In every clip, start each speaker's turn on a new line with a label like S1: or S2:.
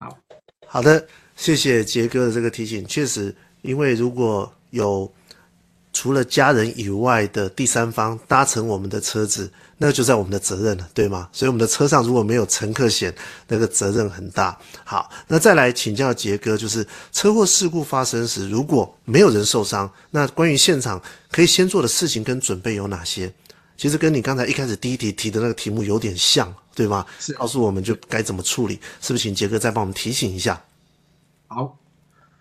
S1: 好，好的，謝謝杰哥的這個提醒。確實，因為如果有除了家人以外的第三方搭乘我們的車子，那就在我們的責任了，對嗎？所以我們的車上如果沒有乘客險，那個責任很大。好，那再來請教杰哥，就是車禍事故發生時，如果沒有人受傷，那關於現場可以先做的事情跟準備有哪些？其實跟你剛才一開始第一題提的那個題目有點像，對嗎？是告訴我們就該怎麼處理，是不是？請杰哥再幫我們提醒一下。
S2: 好，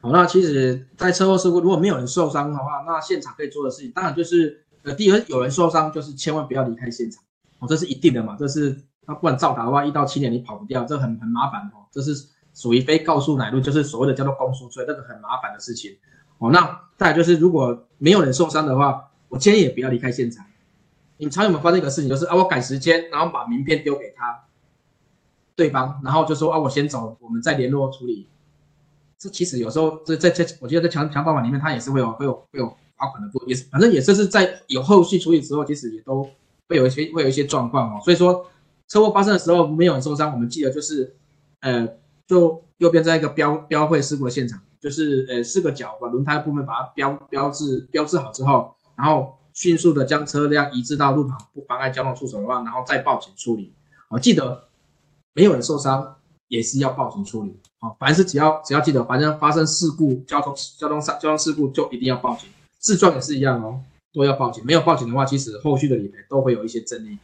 S1: 好、哦，那其實，在車禍事故如果沒有人受傷
S2: 的話，那現場可以做的事情，當然就是呃，第一有人受傷，就是千萬不要離開現場。哦，這是一定的嘛，這是那不然肇逃的話，一到七年你跑不掉，這很很麻煩哦，這是屬於非告訴乃論，就是所謂的叫做公訴罪，這個很麻煩的事情。哦，那再來就是如果沒有人受傷的話，我建議也不要離開現場。你們常有沒有發生一個事情，就是啊我趕時間，然後把名片丟給他、對方，然後就說啊我先走，我們再聯絡處理。這其實有時候這在這，我覺得在強強盜網裡面他也是會有會有會有罰款的，做也是反正也是是在有後續處理的時候，其實也都會有一些會有一些狀況哦。所以說車禍發生的時候沒有人受傷，我們記得就是呃就右邊在一個標標繪事故的現場，就是呃四個角把輪胎的部分把它標標誌標誌好之後，然後。迅速的將車輛移至到路旁，不妨礙交通出手的話，然後再報警處理。好，記得沒有人受傷也是要報警處理。好，凡是只要只要記得，反正發生事故、交通、交通傷、交通事故就一定要報警。自撞也是一樣哦，都要報警。沒有報警的話，其實後續的理賠都會有一些爭議。